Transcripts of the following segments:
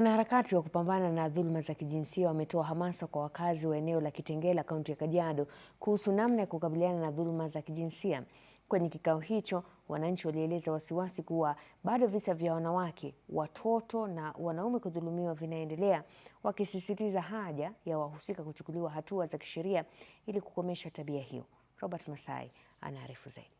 Wanaharakati wa kupambana na dhuluma za kijinsia wametoa hamasa kwa wakazi wa eneo la Kitengela, kaunti ya Kajiado kuhusu namna ya kukabiliana na dhuluma za kijinsia. Kwenye kikao hicho, wananchi walieleza wasiwasi kuwa bado visa vya wanawake, watoto na wanaume kudhulumiwa vinaendelea, wakisisitiza haja ya wahusika kuchukuliwa hatua za kisheria ili kukomesha tabia hiyo. Robert Masai anaarifu zaidi.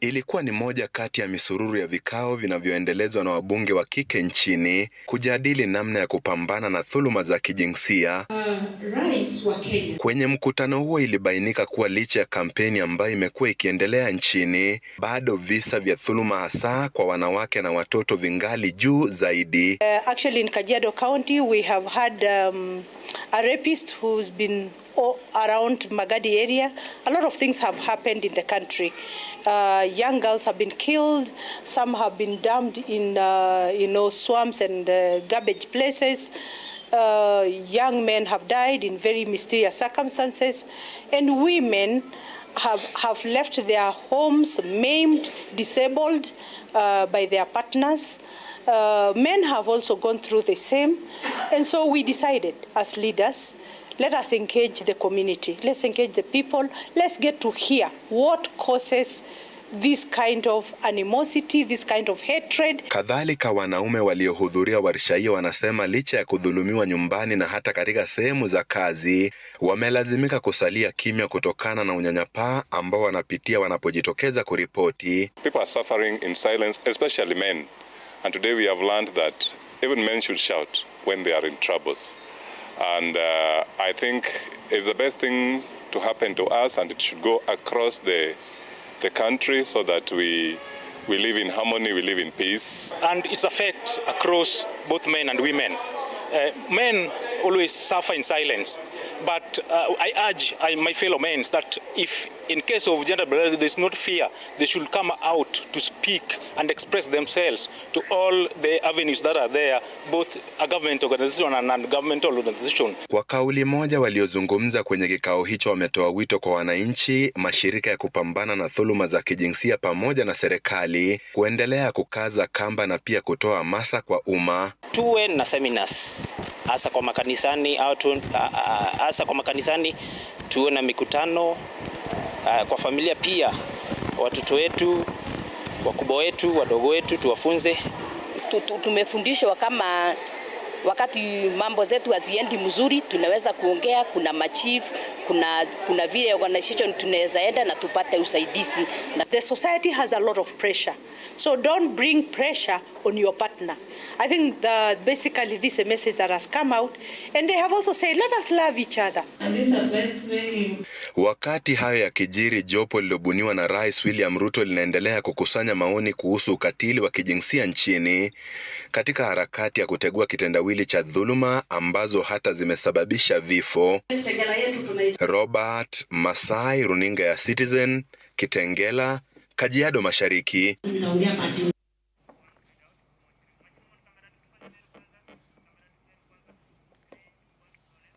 Ilikuwa ni moja kati ya misururu ya vikao vinavyoendelezwa na wabunge wa kike nchini kujadili namna ya kupambana na dhuluma za kijinsia. Uh, Kwenye mkutano huo ilibainika kuwa licha ya kampeni ambayo imekuwa ikiendelea nchini, bado visa vya dhuluma hasa kwa wanawake na watoto vingali juu zaidi. Uh, actually in Kajiado County we have had um... a rapist who's been around Magadi area. A lot of things have happened in the country. Uh, young girls have been killed. Some have been dumped in, uh, you know, swamps and uh, garbage places. Uh, young men have died in very mysterious circumstances, and women have have left their homes maimed, disabled uh, by their partners. Uh, men have also gone through the same. And so we decided as leaders, let us engage the community. Let's engage the people. Let's get to hear what causes this kind of animosity, this kind of hatred. Kadhalika, wanaume waliohudhuria warsha hiyo wanasema licha ya kudhulumiwa nyumbani na hata katika sehemu za kazi, wamelazimika kusalia kimya kutokana na unyanyapaa ambao wanapitia wanapojitokeza kuripoti. People are suffering in silence, especially men. And today we have learned that even men should shout when they are in troubles. And uh, I think it's the best thing to happen to us, and it should go across the, the country so that we, we live in harmony, we live in peace. And its affects across both men and women. Uh, men always suffer in silence But uh, I urge I, my fellow men that if in case of gender there is not fear, they should come out to speak and express themselves to all the avenues that are there, both a government organization and a governmental organization. Kwa kauli moja waliozungumza kwenye kikao hicho wametoa wito kwa wananchi, mashirika ya kupambana na dhuluma za kijinsia pamoja na serikali kuendelea kukaza kamba na pia kutoa hamasa kwa umma. Tuwe na seminars hasa kwa makanisani au uh, uh, uh, hasa kwa makanisani, tuwe na mikutano kwa familia pia, watoto wetu, wakubwa wetu, wadogo wetu tuwafunze. Tumefundishwa kama wakati mambo zetu haziendi mzuri, tunaweza kuongea. Kuna machief, kuna kuna vile organization tunaweza enda na tupate usaidizi. The society has a lot of pressure so don't bring pressure on your partner. I think that basically this is a message that has come out and they have also said let us love each other. And this is the best way. Wakati hayo ya kijiri, jopo lilobuniwa na Rais William Ruto linaendelea kukusanya maoni kuhusu ukatili wa kijinsia nchini katika harakati ya kutegua kitendawili cha dhuluma ambazo hata zimesababisha vifo. Robert Masai, runinga ya Citizen, Kitengela, Kajiado Mashariki.